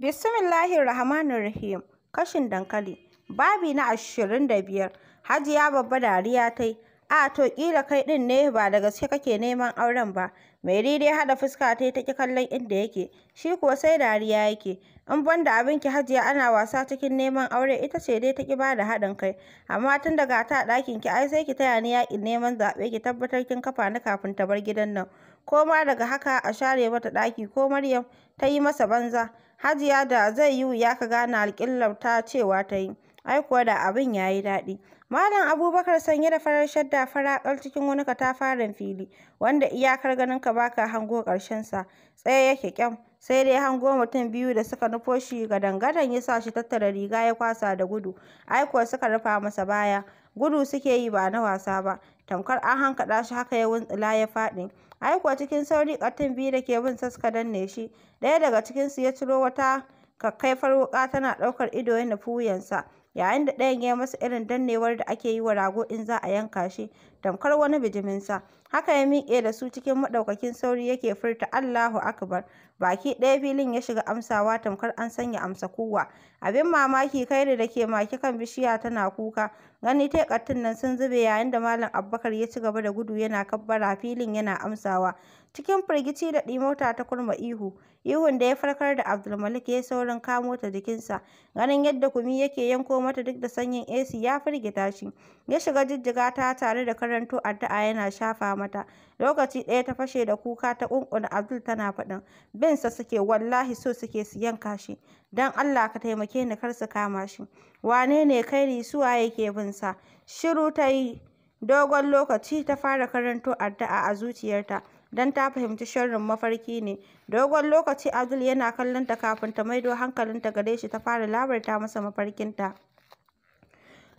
Bismillahir Rahmanir Rahim. Kashin dankali. Babi na ashirin da biyar. Hajiya babba dariya ta yi. A to ƙila kai ɗin ne ba da gaske kake neman auren ba. Mai dai haɗa fuska ta yi ta kallon inda yake. Shi kuwa sai dariya yake. In ban da abin ki hajiya ana wasa cikin neman aure ita ce dai ta ƙi bada haɗin kai. Amma tun daga ta ɗakin ki ai sai ki taya ni yaƙin neman zaɓe ki tabbatar kin kafa ni kafin ta bar gidan nan. Ko ma daga haka a share mata ɗaki ko Maryam ta yi masa banza. Hajiya da zai yi wuya ka gane alƙiblar ta cewa ta yi, ai kuwa da abin ya yi daɗi. Malam Abubakar sanye da farar shadda faraƙal cikin wani katafaren fili, wanda iyakar ganin ka baka hango ƙarshensa, tsaye yake ƙyam, sai dai hango mutum biyu da suka nufo shi ga dangadan ya sa shi tattara riga ya kwasa da gudu, ai kuwa suka rufa masa baya, gudu suke yi ba na wasa ba, tamkar an hankaɗa shi haka ya wuntsula ya faɗi. ai kuwa cikin sauri ƙartin biyu da ke bin saska danne shi ɗaya daga cikinsu ya ciro wata kakkaifar wuƙa tana ɗaukar ido ya nufi wuyansa yayin da ɗayan ya masa irin dannewar da ake yi wa rago in za a yanka shi tamkar wani bijiminsa haka ya miƙe da su cikin maɗaukakin sauri yake furta Allahu akbar baki ɗaya filin ya shiga amsawa tamkar an sanya amsa kuwa abin mamaki kai da dake maki kan bishiya tana kuka gani tekattun nan sun zube yayin da malam Abubakar ya ci gaba da gudu yana kabbara filin yana amsawa Cikin firgici da ɗimauta ta kurma ihu, ihun da ya farkar da Abdulmalik ya saurin kamo ta jikinsa, ganin yadda kumi yake yanko mata duk da sanyin AC ya firgita shi. Ya shiga jijjiga ta tare da karanto addu'a yana shafa mata. Lokaci ɗaya ta fashe da kuka ta ƙunƙuna Abdul tana faɗin, Binsa suke wallahi so suke su yanka shi, don Allah ka taimake ni kar su kama shi. Wane ne kai waye yake binsa? Shiru ta yi dogon lokaci ta fara karanto addu'a a zuciyarta. don ta fahimci sharrin mafarki ne. Dogon lokaci Abdul yana kallonta kafin ta maido hankalinta gare shi ta fara labarta masa mafarkinta.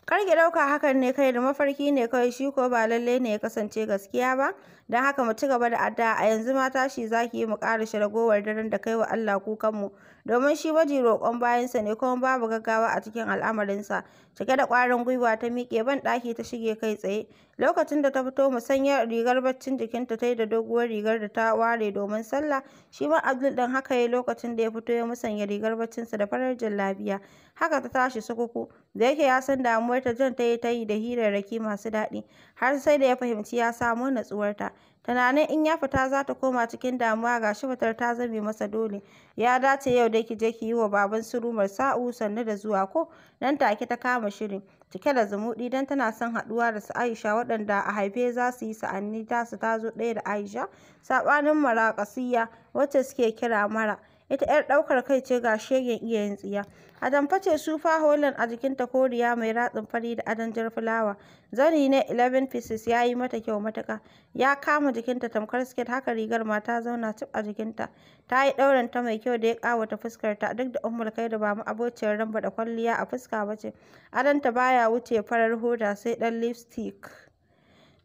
Kar ki ɗauka hakan ne kai da mafarki ne kawai shi ko ba lallai ne ya kasance gaskiya ba. Don haka mu ci gaba da addu'a a yanzu ma tashi za ki yi mu kara shiragowar daren da kai wa Allah kukanmu. Domin shi waji roƙon bayansa ne kuma babu gaggawa a cikin al'amarinsa. Cike da ƙwarin gwiwa ta miƙe ban ɗaki ta shige kai tsaye. Lokacin da ta fito sanya rigar baccin jikinta ta yi da doguwar rigar da ta ware domin sallah. Shi ma Abdul ɗin haka ya lokacin da ya fito ya musanya rigar baccinsa da farar jallabiya. Haka ta tashi sukuku. da yake ya san damuwarta John ta yi ta yi da hirarraki masu daɗi har sai da ya fahimci ya samo natsuwarta tunanin in ya fita za ta koma cikin damuwa ga shi fitar ta zame masa dole ya dace yau dai ki je ki yi wa baban su rumar sa'u sannu da zuwa ko nan take ta kama shirin cike da zumuɗi don tana son haɗuwa da su Aisha waɗanda a haife za su yi sa'anni tasu ta zo ɗaya da Aisha saɓanin maraƙasiyya wacce suke kira mara ita 'yar ɗaukar kai ce ga shegen iya yin tsiya a damface sufa holland a jikinta koriya mai ratsin fari da adon jar fulawa zani ne 11 pieces ya yi mata kyau matuka ya kama jikinta tamkar siket haka rigar mata zauna cif a jikinta ta yi ɗaurin ta mai kyau da ya ƙawata fuskarta duk da ummul kai da ba mu abociyar ramba da kwalliya a fuska ba ce adonta baya wuce farar hoda sai ɗan lipstick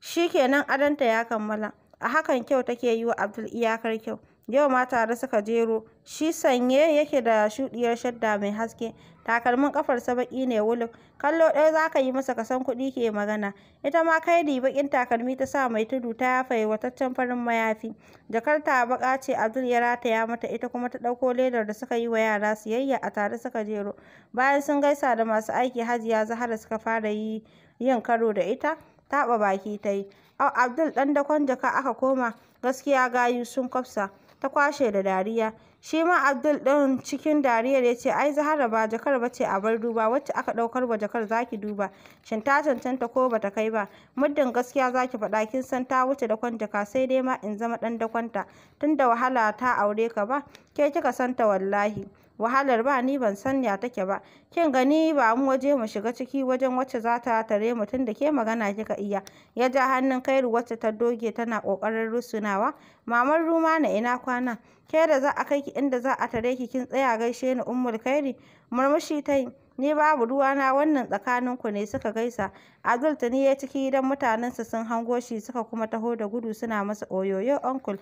shikenan ta ya kammala a hakan kyau take yi wa abdul iyakar kyau Yau ma tare suka jero, shi sanye yake da shuɗiyar shadda mai haske, takalmin ƙafarsa sabaki ne wuluk, kallo ɗaya za ka yi masa kasan kuɗi ke magana. Ita ma Kaidi baƙin takalmi ta sa mai tudu ta yafa wataccen farin mayafi. jakar ta baƙa ce Abdul ya rataya mata ita kuma ta ɗauko ledar da suka yi wa yara siyayya a tare suka jero. Bayan sun gaisa da masu aiki Hajiya Zahara suka fara yi yin karo da ita, taɓa baki ta yi. Abdul ɗan dakon jaka aka koma, gaskiya gayu sun kwafsa. ta kwashe da dariya. Shi ma Abdul ɗin cikin dariyar ya ce, ai zahara ba jakar ba ce a bar duba, wacce aka ɗaukar wa jakar zaki duba, shin ta cancanta ko bata kai ba, muddin gaskiya zaki faɗa kin san ta wuce dakon jaka sai dai ma in zama ɗan dakonta, tun da wahala ta aure ka ba, ke kika santa wallahi. wahalar ba ni ban san ya take ba kin gani ba mu waje mu shiga ciki wajen wacce za ta tare mu tunda ke magana kika iya ya ja hannun kairu wacce ta doge tana kokarin rusunawa mamar ruma na ina kwana ke da za a kai ki inda za a tare ki kin tsaya gaishe ni ummul kairi murmushi ta yi Ni babu ruwa na wannan tsakaninku ne suka gaisa. Abdul tuni ya ciki idan mutanensa sun hango shi suka kuma taho da gudu suna masa oyoyo uncle.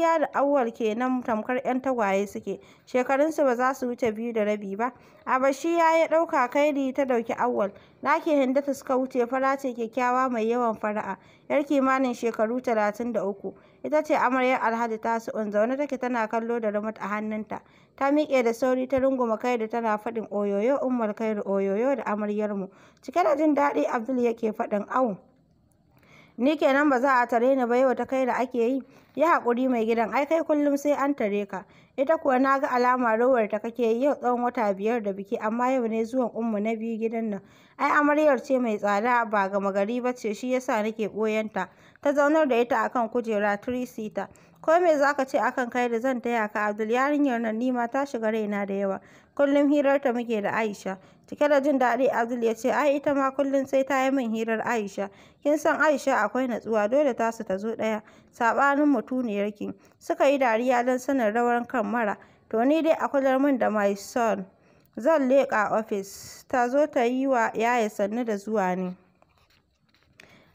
ya da Awwal kenan tamkar 'yan tagwaye suke. Shekarunsu ba za su wuce biyu da rabi ba. Abashiya ya ɗauka kairi ta ɗauki Awwal. Naki Hindata suka wuce fara ce kyakkyawa mai yawan fara'a. Yar kimanin shekaru talatin da uku. Ita ce amaryar Alhaji Tasu'un zaune take tana kallo da rumut a hannunta. Ta miƙe da sauri ta runguma kai da tana faɗin oyoyo Ummar Kairu Oyoyo da amaryar mu. Cike da jin daɗi Abdul yake faɗin au. Ni kenan ba za a tare ni ba yau ta kai da ake yi. ya hakuri mai gidan ai kai kullum sai an tare ka. Ita kuwa na ga alama rawar ta kake yi yau tsawon wata biyar da biki amma yau ne zuwan ummu na biyu gidan nan. Ai amaryar ce mai tsada ba gama gari ba ce shi yasa nake boyanta Ta zaunar da ita akan kujera trisita sita. ko me za ka ce akan kai da zan taya ka Abdul yarinyar nan ni ma ta shiga raina da yawa Kullum hirarta muke da Aisha. Cike da jin daɗi Abdul ya ce, ai ita ma kullum sai ta yi min hirar Aisha. Kin san Aisha akwai natsuwa dole tasu ta zo ɗaya. Saɓanin mutuniyarki. Suka yi dariya don sanin rawar kan mara. To ni dai a kular min da my son. Zan leƙa ofis. Ta zo ta yi wa yaya sannu da zuwa ne.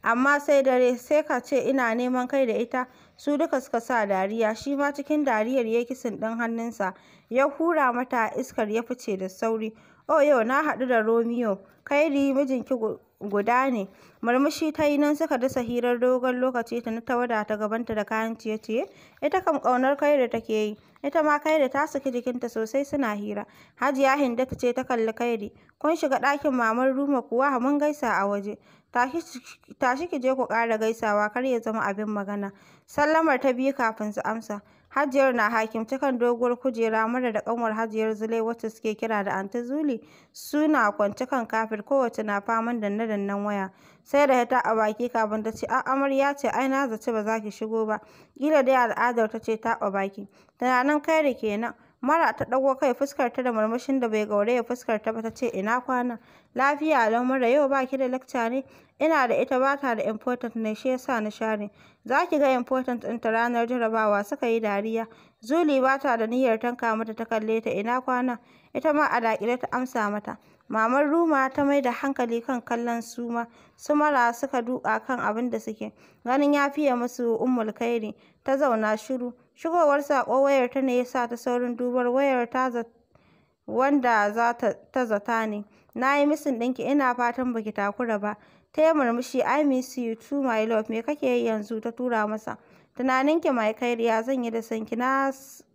amma sai dare sai ka ce ina neman kai da ita su duka suka sa dariya shi ma cikin dariyar ya kisin ɗin hannunsa ya hura mata iskar ya fice da sauri oh yau na haɗu da romeo kairi mijinki guda ne. Murmushi ta yi nan suka dasa hirar dogon lokaci ta ta ta gabanta da kayan ciye-ciye. Ita kam ƙaunar da take yi. Ita ma kai da ta saki jikinta sosai suna hira. Hajiya hinda ta ce ta kalli kairi. Kun shiga ɗakin Maman Ruma kuwa mun gaisa a waje. Tashi ki je ku ƙara gaisawa kar ya zama abin magana. Sallamar ta biyu kafin su amsa. Hajiyar na hakimce kan doguwar kujera mura da ƙanwar Hajiyar Zulai wacce suke kira da Anti Zuli suna kwance kan kafet kowace na faman danne-dannen waya. Sai da ta a baki kafin ta ce a amarya ce ai na zaci ba za ki shigo ba. gida dai al'adar ta ce ta taɓa baki. Tunanin kai da kenan. Mara ta ɗago kai fuskarta da murmushin da bai gauraya fuskarta ba ta ce ina kwana. Lafiya lau Mara yau ba ki da lakca ne? Ina da ita ba ta da important ne shi yasa na share. Za ki ga important ɗinta ranar jarabawa suka yi dariya. Zuli ba ta da niyyar tanka mata ta kalle ta ina kwana. Ita ma a daƙile ta amsa mata. Mamar Ruma ta mai da hankali kan kallon suma, su mara suka duka kan abin da suke, ganin ya fiye musu ummul kairi, ta zauna shiru. Shigowar saƙo wayar ta ne ya sa ta saurin dubar wayar wanda za ta zata ne. Na yi misin ɗinki ina fatan baki takura ba. Ta yi murmushi I miss you too my love me kake yi yanzu ta tura masa. tunanin ki mai kairiya zan yi da sanki nasu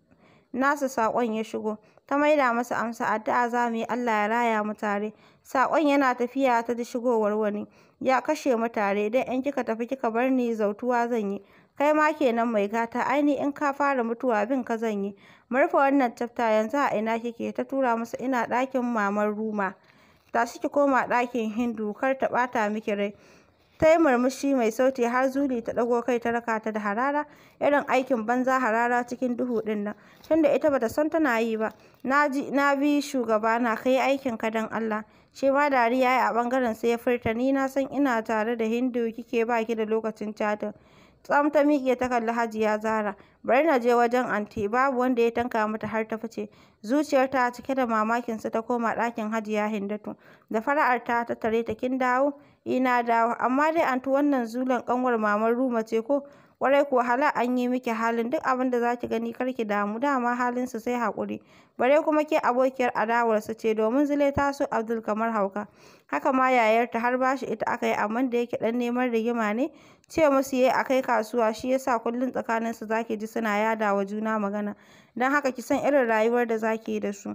saƙon ya shigo. Ta maida masa amsa addu'a za mu yi Allah ya raya mu tare. Saƙon yana tafiya ta da shigowar wani. Ya kashe mu tare idan in kika tafi kika bar ni zautuwa zan yi. Kai ma kenan mai gata, aini in ka fara mutuwa bin ka zan yi. Mu rufe wannan tsafta yanzu a ina kike? Ta tura masa ina ɗakin maman Ruma. Tashi ki koma ɗakin Hindu kar ta ɓata miki rai. Ta yi murmushi mai sauti har Zuli ta ɗago kai ta raka ta da harara, irin aikin banza harara cikin duhu ɗin nan, tunda ita bata san tana yi ba. Na ji na bi shugaba na kai aikin ka don Allah. Shi ma dariya a ɓangaren sai ya furta ni na san ina tare da Hindu kike ba ki da lokacin chatin. Tsam ta miƙe ta kalli Hajiya Zara. Bari na je wajen anti, babu wanda ya tanka mata har ta fice. Zuciyar ta cike da mamakin sa ta koma ɗakin Hajiya Hindatu. Da fara'arta ta tare ta kin dawo, ina eh, dawo. Amma dai anti wannan zulan ƙanwar maman Ruma ce ko? warai ko hala an yi miki halin duk abin da za ki gani kar ki damu dama halinsu sai haƙuri. Bare kuma ke abokiyar adawarsa ce domin Zule ta so Abdul kamar hauka. Haka ma yayarta har bashi ita aka yi amma da yake ɗan neman rigima ne ce musu yayi a kai kasuwa shi yasa kullum tsakaninsu za ki ji suna yada wa juna magana. Don haka ki san irin rayuwar da za ki yi da su.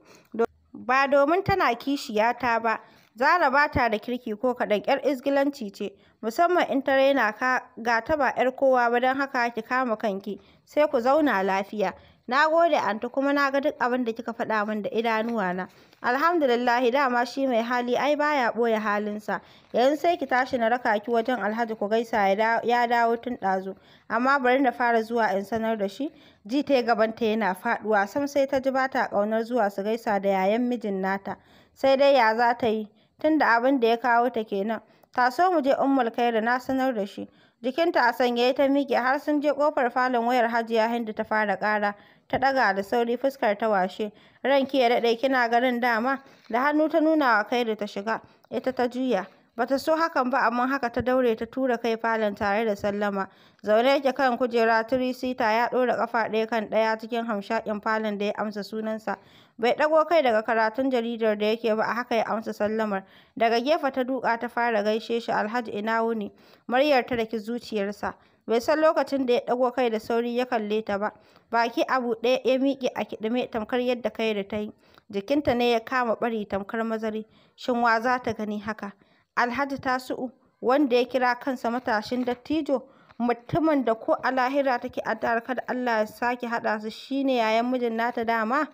Ba domin tana kishiyata ba. Zara ba ta da kirki ko kaɗan, 'yar izgilanci ce, musamman in ta raina ka ga ta ba 'yar kowa ba don haka ki kama kanki, sai ku zauna lafiya. Na gode anti kuma na ga duk abin da kika faɗa min da idanuwa idanuwana. Alhamdulillahi dama shi mai hali ai baya ɓoye halinsa. Yanzu sai ki tashi na raka ki wajen Alhaji ku gaisa ya dawo tun ɗazu. Amma bari na fara zuwa in sanar da shi. Ji ta gabanta yana faɗuwa sam sai ta ji ba ta ƙaunar zuwa su gaisa da yayan mijin nata. Sai dai ya za ta yi? tunda abin da ya kawo ta kenan. Taso mu je Ummul kaira na sanar da shi. Jikinta a sanyaye ta miƙe har sun je kofar falon wayar Hajiya Hindu ta fara ƙara. Ta ɗaga da sauri fuskar ta washe. Ranki ya daɗe kina ganin dama. Da hannu ta nuna wa kai da ta shiga. Ita ta juya. Bata so hakan ba amma haka ta daure ta tura kai falon tare da sallama. Zaune yake kan kujera tirisita ya ɗora ƙafa ɗaya kan ɗaya cikin hamshaƙin falon da ya amsa sunansa. Bai ɗago kai daga karatun jaridar da yake ba a haka ya amsa sallamar. Daga gefe ta duka ta fara gaishe shi Alhaji ina wuni. Muryar ta daki zuciyarsa. Bai san lokacin da ya ɗago kai da sauri ya kalle ta ba. Baki abu ɗaya ya miƙe a kiɗime tamkar yadda kai da ta yi. Jikinta ne ya kama ɓari tamkar mazari. Shin wa za ta gani haka? Alhaji Tasu'u wanda ya kira kansa matashin dattijo. mutumin da ko a lahira take addu'ar kada Allah ya sake haɗa su shine yayan mijin nata dama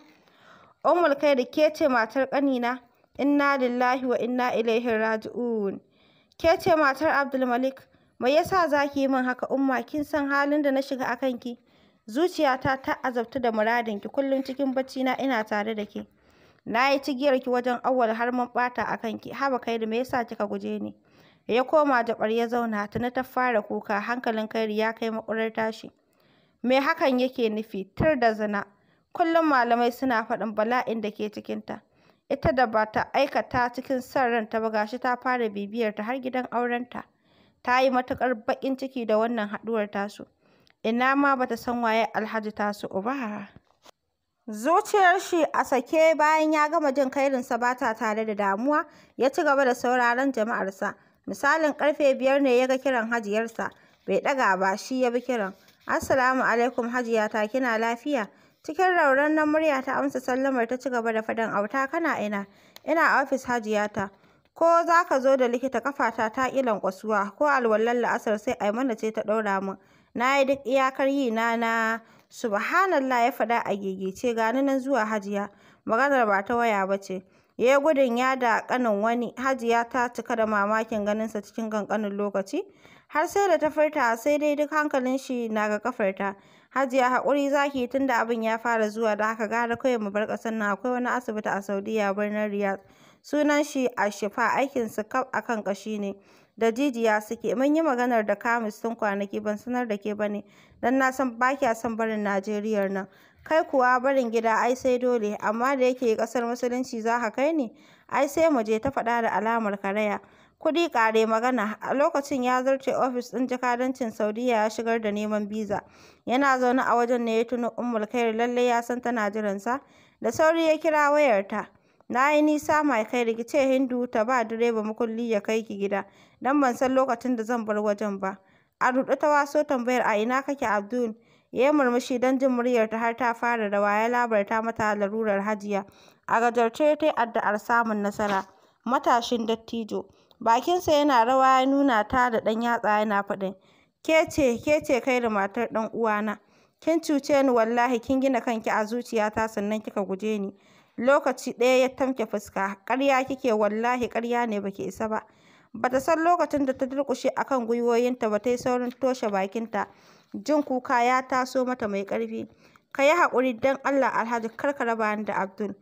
kai da ke ce matar kanina, inna lillahi wa inna ilaihi raji'un. Ke ce matar Abdulmalik, me yasa za ki yi min haka umma kin san halin da na shiga a kanki? Zuciyata ta azabta da muradin ki. kullum cikin bacci na ina tare da ke. Na yi ki wajen awwal har mun bata a kanki, haba da me yasa kika guje ni? Ya koma jaɓar ya zauna tuni ta fara kuka hankalin kairi ya kai maƙurar tashi. Me hakan yake nufi? Tir da zina. Kullum malamai suna faɗin bala'in da ke cikinta. Ita da ba ta aikata cikin son ranta ba gashi ta fara bibiyar ta har gidan aurenta. Ta yi matuƙar baƙin ciki da wannan haɗuwar tasu. Ina ma ba ta san waye Alhaji tasu uba Zuciyar shi a sake bayan ya gama jin kairinsa ba ta tare da damuwa, ya ci gaba da sauraron jama'arsa. Misalin karfe biyar ne ya ga kiran hajiyarsa, bai ɗaga ba shi ya bi kiran. Assalamu alaikum hajiya ta kina lafiya? Cikin raunanar murya ta amsa sallamar ta ci gaba da faɗin auta kana ina? Ina ofis hajiyata. Ko za ka zo da likita kafata ta ilan lankwasuwa ko alwallar la'asar sai a mana ce ta ɗaura min. Na yi duk iyakar yi na na subhanallah ya faɗa a gigice gani nan zuwa hajiya. Maganar ba ta waya ba ce. Ya gudun ya da ƙanin wani hajiya ta cika da mamakin ganinsa cikin kankanin lokaci. Har sai da ta furta sai dai duk hankalin shi na ga kafarta. Hajiya haƙuri za ki yi tunda abin ya fara zuwa da haka gara kawai mu bar ƙasar nan akwai wani asibiti a Saudiya birnin Riyadh. Sunan shi Ashifa aikin su kaf akan kashi ne. Da jijiya suke mun yi maganar da kamis tun kwanaki ban sanar da ke bane dan na san ba kya son barin Najeriya nan. Kai kuwa barin gida ai sai dole amma da yake ƙasar musulunci za ka kai ni ai sai mu je ta faɗa da alamar karaya. kuɗi ƙare magana. A lokacin ya zarce ofis ɗin jakadancin Saudiyya ya shigar da neman biza. Yana zaune a wajen ne ya tuno Ummul Khair lallai ya san tana jiransa. Da sauri ya kira wayarta. Na yi nisa mai kai rikice Hindu ta ba direba makulli ya kai ki gida. Dan ban san lokacin da zan bar wajen ba. A ruɗe ta waso tambayar a ina kake Abdul. Ya yi murmushi don jin muryarta har ta fara rawa ya labarta mata larurar hajiya. A gajarce ta yi addu'ar samun nasara. Matashin dattijo. Bakinsa yana rawa ya nuna ta da ɗan yatsa yana faɗin, "Ke ce, ke ce kai da matar ɗan uwana. Kin cuce ni wallahi kin gina kanki a zuciyata sannan kika guje ni." Lokaci ɗaya ya tamke fuska, karya kike wallahi karya ne baki isa ba." Bata san lokacin da ta durƙushe a kan gwiwoyinta ba ta yi saurin toshe bakinta. Jin kuka ya taso mata mai ƙarfi. "Ka yi haƙuri don Allah Alhaji kar ka raba ni da Abdul.